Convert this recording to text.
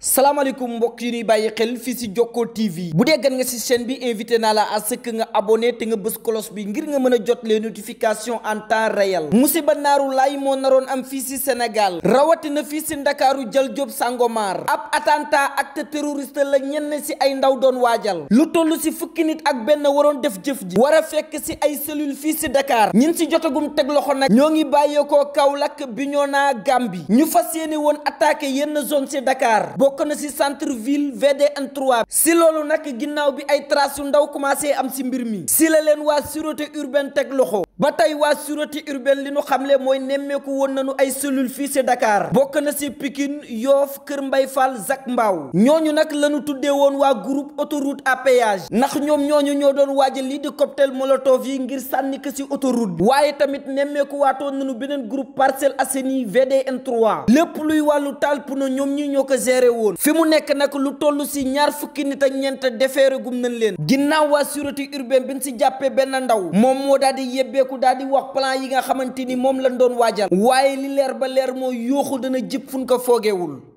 salaamaaleykum mbokk yi ñuy bàyyi xel fii si Jokko TV bu dee gan nga si chaîne bi invité naa la à ce que nga abonné te nga bës kolos bi ngir nga mën a jot les notifications en temps réel musiba naaru laay moo naroon am fii si Sénégal rawatina fii si Ndakaaru Jal Jóob Sangomar ab attanta acte teroriste la ñenn si ay ndaw doon waajal lu toll si fukki nit ak benn waroon def jëf ji war a fekk si ay cellule fii si Dakar ñin si jotagum teg loxo nag ñoo ngi bàyyeekoo Kaolack Bignona Gambie ñu fas yéene woon attaqué yenn zone si Dakar. bokk na ci centre ville VDN 3 si loolu nag ginnaaw bi ay traces yu ndaw commencé am ci mbir mi si la leen waa sûreté urbaine teg loxo ba tey waa sûreté urbaine li nu xamle mooy nemmeeku woon nañu ay cellule fii ci Dakar bokk na ci Pikine Yoff Kër Mbay Fall Zac mbaaw ñooñu nag lañu tuddee woon waa group autoroute à péage ndax ñoom ñoo ñu ñoo doon waajal lii di cocktail molotov yi ngir sànni ko ci autoroute waaye tamit nemmeeku waatoon nañu beneen groupe Parcelles Assainies VDN 3 lépp luy wàllu taal ñoom ñi ñoo ko géré woon fi mu nekk nag lu toll si ñaar fukki nit ak ñeent defeere gum nañ leen ginnaaw waa sûreté urbaine bi ñu si jàppee benn ndaw moom moo daal di yebbeeku daal di wax plan yi nga xamante ni moom lañ doon waajal waaye li leer ba leer moo yooxu dana jib fuñ ko foogeewul